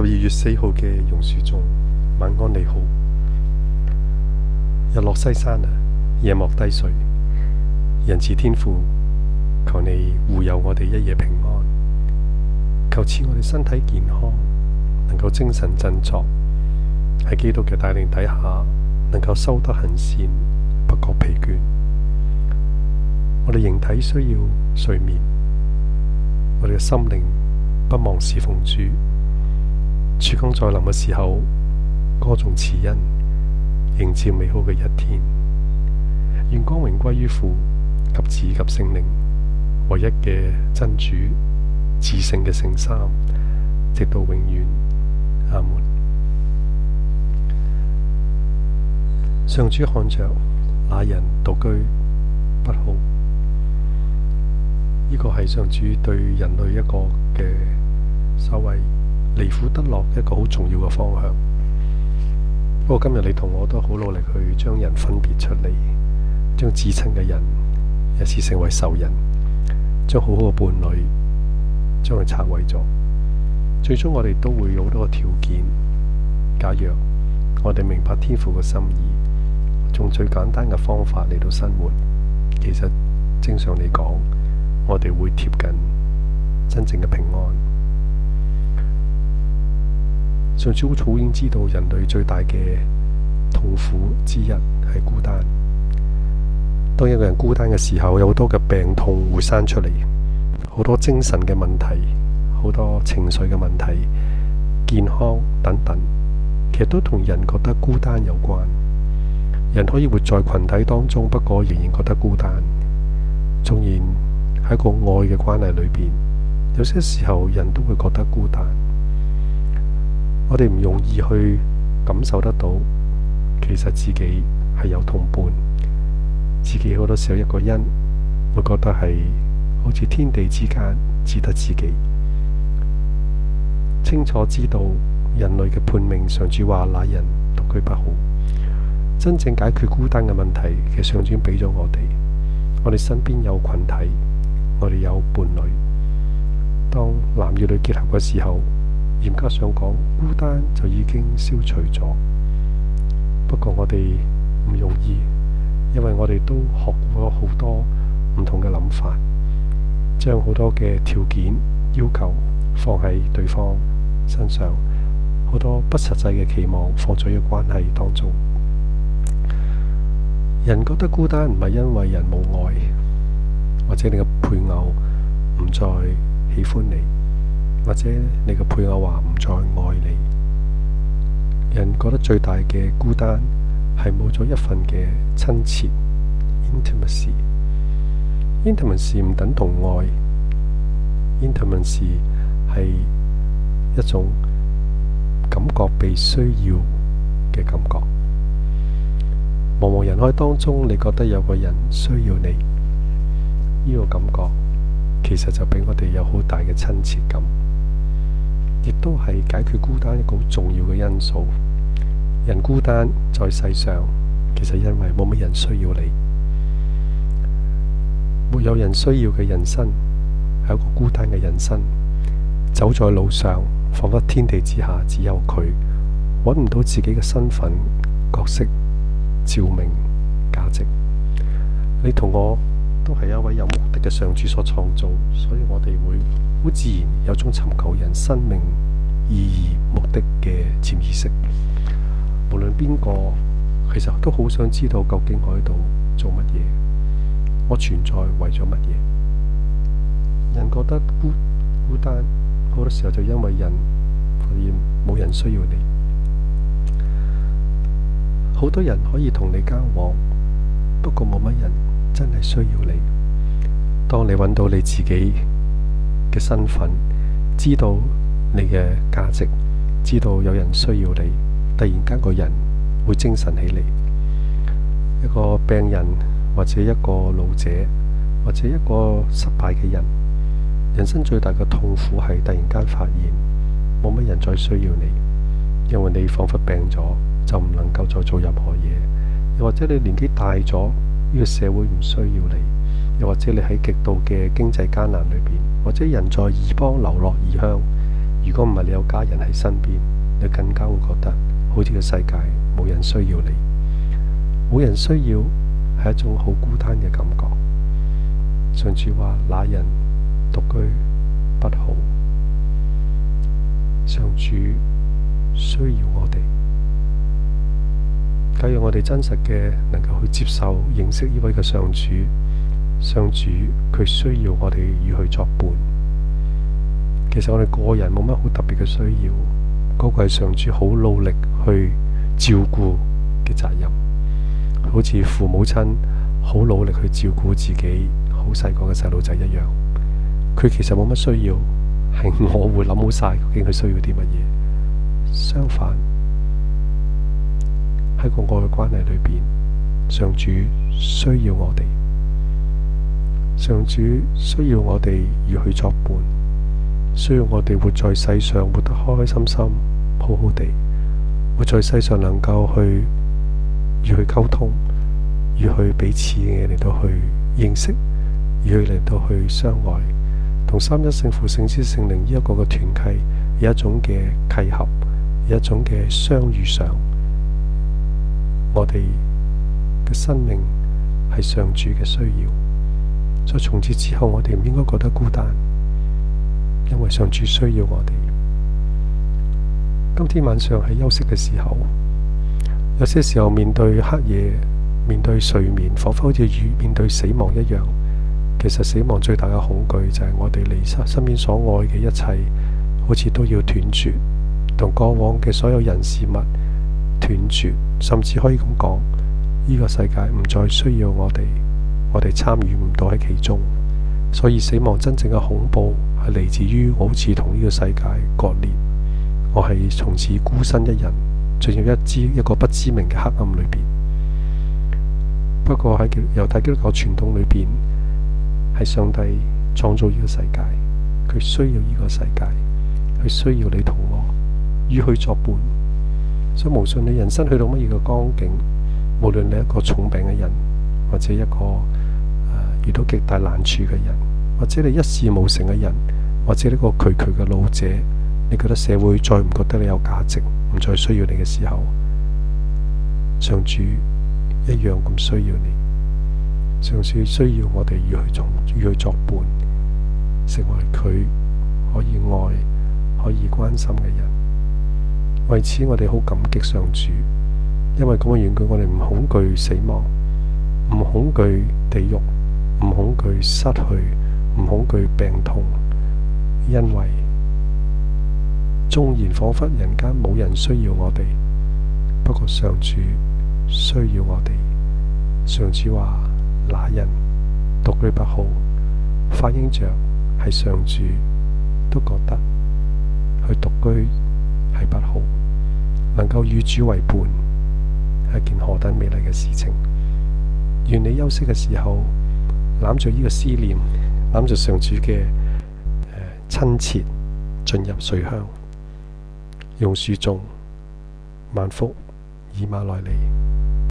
十二月四號嘅榕樹中，晚安你好。日落西山啊，夜幕低垂，仁慈天父，求你護佑我哋一夜平安，求賜我哋身體健康，能夠精神振作，喺基督嘅帶領底下，能夠修德行善，不覺疲倦。我哋形體需要睡眠，我哋嘅心靈不忘侍奉主。曙光在臨嘅時候，歌頌慈恩，迎接美好嘅一天，願光榮歸於父及子及聖靈，唯一嘅真主，至聖嘅聖衫，直到永遠。阿門。上主看着那人獨居不好，呢個係上主對人類一個嘅所謂。離苦得樂一個好重要嘅方向。不過今日你同我都好努力去將人分別出嚟，將至親嘅人一時成為仇人，將好好嘅伴侶將佢拆毀咗。最終我哋都會有好多個條件。假若我哋明白天父嘅心意，用最簡單嘅方法嚟到生活，其實正常嚟講，我哋會貼近真正嘅平安。上主早已經知道人類最大嘅痛苦之一係孤單。當一個人孤單嘅時候，有好多嘅病痛會生出嚟，好多精神嘅問題，好多情緒嘅問題，健康等等，其實都同人覺得孤單有關。人可以活在群體當中，不過仍然覺得孤單。縱然喺一個愛嘅關係裏邊，有些時候人都會覺得孤單。我哋唔容易去感受得到，其實自己係有同伴，自己好多時候一個人，我覺得係好似天地之間只得自己。清楚知道人類嘅判命，常主話那人獨居不好。真正解決孤單嘅問題，其實上主俾咗我哋，我哋身邊有群體，我哋有伴侶。當男與女結合嘅時候。嚴格上講，孤單就已經消除咗。不過我哋唔容易，因為我哋都學過好多唔同嘅諗法，將好多嘅條件要求放喺對方身上，好多不實際嘅期望放咗喺關係當中。人覺得孤單唔係因為人冇愛，或者你嘅配偶唔再喜歡你。或者你嘅配偶話唔再愛你，人覺得最大嘅孤單係冇咗一份嘅親切。Intimacy，intimacy 唔等同愛，intimacy 係一種感覺被需要嘅感覺。茫茫人海當中，你覺得有個人需要你，呢個感覺。其實就俾我哋有好大嘅親切感，亦都係解決孤單一個好重要嘅因素。人孤單在世上，其實因為冇乜人需要你，沒有人需要嘅人生係一個孤單嘅人生。走在路上，彷彿天地之下只有佢，揾唔到自己嘅身份、角色、照明、價值。你同我，都係一位有目的嘅上主所創造，所以我哋會好自然有種尋求人生命意義目的嘅潛意識。無論邊個，其實都好想知道究竟我喺度做乜嘢，我存在為咗乜嘢？人覺得孤孤單，好多時候就因為人發現冇人需要你。好多人可以同你交往，不過冇乜人真係需要你。當你揾到你自己嘅身份，知道你嘅價值，知道有人需要你，突然間個人會精神起嚟。一個病人，或者一個老者，或者一個失敗嘅人，人生最大嘅痛苦係突然間發現冇乜人再需要你，因為你仿佛病咗，就唔能夠再做任何嘢，又或者你年紀大咗。呢個社會唔需要你，又或者你喺極度嘅經濟艱難裏邊，或者人在異邦流落異鄉，如果唔係你有家人喺身邊，你更加會覺得好似個世界冇人需要你，冇人需要係一種好孤單嘅感覺。上主話：那人獨居不好，上主需要我哋。假如我哋真實嘅能夠去接受認識呢位嘅上主，上主佢需要我哋與佢作伴。其實我哋個人冇乜好特別嘅需要，嗰、那個係上主好努力去照顧嘅責任，好似父母親好努力去照顧自己好細個嘅細路仔一樣。佢其實冇乜需要，係我會諗好晒究竟佢需要啲乜嘢。相反。喺個愛嘅關係裏邊，上主需要我哋，上主需要我哋與佢作伴，需要我哋活在世上活得開開心心、好好地，活在世上能夠去與佢溝通，與佢彼此嘅嚟到去認識，與佢嚟到去相愛，同三一聖父、聖子、聖靈呢一個嘅團契，有一種嘅契合，有一種嘅相遇上。我哋嘅生命係上主嘅需要，所以從此之後，我哋唔應該覺得孤單，因為上主需要我哋。今天晚上係休息嘅時候，有些時候面對黑夜，面對睡眠，仿佛好似與面對死亡一樣。其實死亡最大嘅恐懼就係我哋離身邊所愛嘅一切，好似都要斷絕，同過往嘅所有人事物。斷絕，甚至可以咁講，呢、這個世界唔再需要我哋，我哋參與唔到喺其中，所以死亡真正嘅恐怖係嚟自於我好似同呢個世界割裂，我係從此孤身一人，進入一知一個不知名嘅黑暗裏邊。不過喺叫猶太基督教傳統裏邊，係上帝創造呢個世界，佢需要呢個世界，佢需要你同我，與佢作伴。所以，無論你人生去到乜嘢嘅光景，無論你一個重病嘅人，或者一個遇到極大難處嘅人，或者你一事無成嘅人，或者呢個佢佢嘅老者，你覺得社會再唔覺得你有價值，唔再需要你嘅時候，上主一樣咁需要你，上主需要我哋與佢作，與佢作作伴，成為佢可以愛可以關心嘅人。為此，我哋好感激上主，因為咁嘅緣故，我哋唔恐懼死亡，唔恐懼地獄，唔恐懼失去，唔恐懼病痛，因為縱然彷彿人間冇人需要我哋，不過上主需要我哋。上主話：那人獨居不好。反映著係上主都覺得去獨居係不好。能夠與主為伴係件何等美麗嘅事情！願你休息嘅時候，攬住呢個思念，攬住上主嘅誒親切，進入睡鄉，用樹種萬福以馬內利。